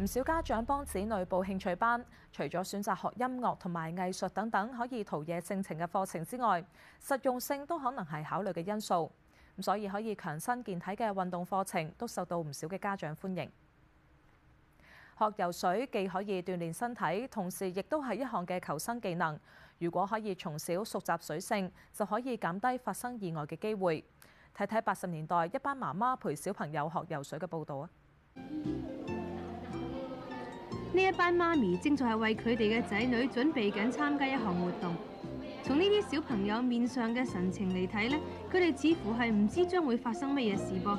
唔少家長幫子女報興趣班，除咗選擇學音樂同埋藝術等等可以陶冶性情嘅課程之外，實用性都可能係考慮嘅因素。咁所以可以強身健體嘅運動課程都受到唔少嘅家長歡迎。學游水既可以鍛煉身體，同時亦都係一項嘅求生技能。如果可以從小熟習水性，就可以減低發生意外嘅機會。睇睇八十年代一班媽媽陪小朋友學游水嘅報導啊！呢一班媽咪正在係為佢哋嘅仔女準備緊參加一項活動。從呢啲小朋友面上嘅神情嚟睇呢，佢哋似乎係唔知將會發生乜嘢事噃。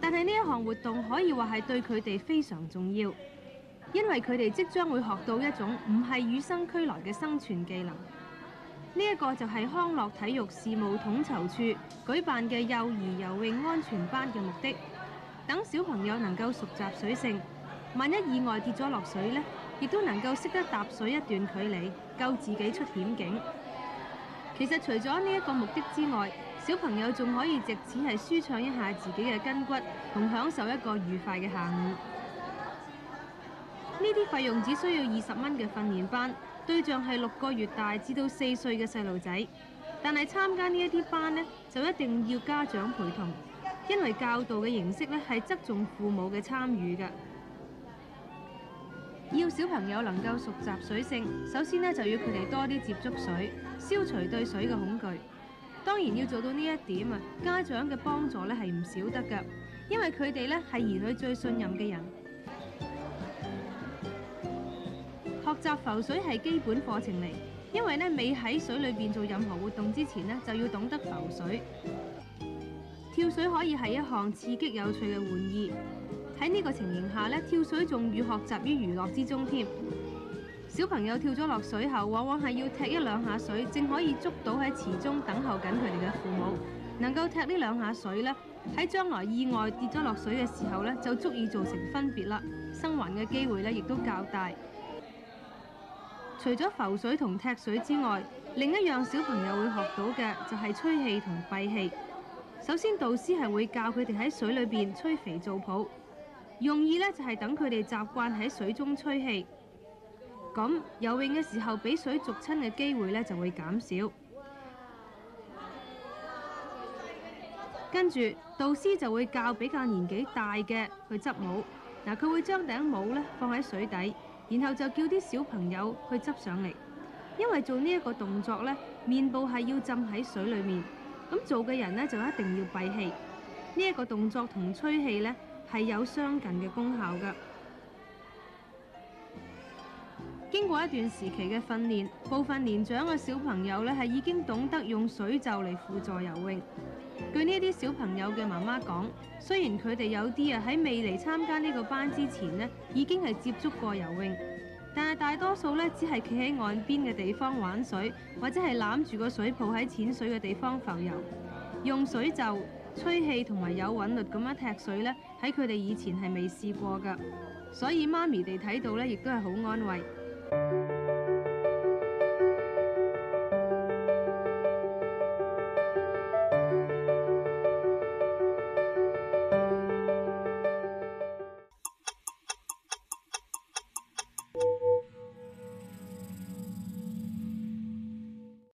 但係呢一項活動可以話係對佢哋非常重要，因為佢哋即將會學到一種唔係與生俱來嘅生存技能。呢一個就係康樂體育事務統籌處舉辦嘅幼兒游泳安全班嘅目的。等小朋友能夠熟習水性。萬一意外跌咗落水呢，亦都能夠識得踏水一段距離，救自己出險境。其實除咗呢一個目的之外，小朋友仲可以藉此係舒暢一下自己嘅筋骨，同享受一個愉快嘅下午。呢啲費用只需要二十蚊嘅訓練班，對象係六個月大至到四歲嘅細路仔。但係參加呢一啲班呢，就一定要家長陪同，因為教導嘅形式呢係側重父母嘅參與㗎。要小朋友能夠熟習水性，首先呢，就要佢哋多啲接觸水，消除對水嘅恐懼。當然要做到呢一點啊，家長嘅幫助咧係唔少得㗎，因為佢哋咧係兒女最信任嘅人。學習浮水係基本課程嚟，因為咧未喺水裏邊做任何活動之前呢就要懂得浮水。跳水可以係一項刺激有趣嘅玩意。喺呢個情形下咧，跳水仲寓學習於娛樂之中添。小朋友跳咗落水後，往往係要踢一兩下水，正可以捉到喺池中等候緊佢哋嘅父母。能夠踢呢兩下水咧，喺將來意外跌咗落水嘅時候咧，就足以造成分別啦，生還嘅機會咧亦都較大。除咗浮水同踢水之外，另一樣小朋友會學到嘅就係吹氣同閉氣。首先，導師係會教佢哋喺水裏邊吹肥皂泡。用意咧就係等佢哋習慣喺水中吹氣，咁游泳嘅時候俾水逐親嘅機會咧就會減少。跟住導師就會教比較年紀大嘅去執帽，嗱佢會將頂帽咧放喺水底，然後就叫啲小朋友去執上嚟，因為做呢一個動作咧面部係要浸喺水裏面，咁做嘅人呢，就一定要閉氣。呢一個動作同吹氣咧。係有相近嘅功效㗎。經過一段時期嘅訓練，部分年長嘅小朋友咧係已經懂得用水袖嚟輔助游泳。據呢啲小朋友嘅媽媽講，雖然佢哋有啲啊喺未嚟參加呢個班之前咧，已經係接觸過游泳，但係大多數咧只係企喺岸邊嘅地方玩水，或者係攬住個水泡喺淺水嘅地方浮游。用水袖。吹氣同埋有韻律咁樣踢水咧，喺佢哋以前係未試過㗎，所以媽咪哋睇到咧，亦都係好安慰。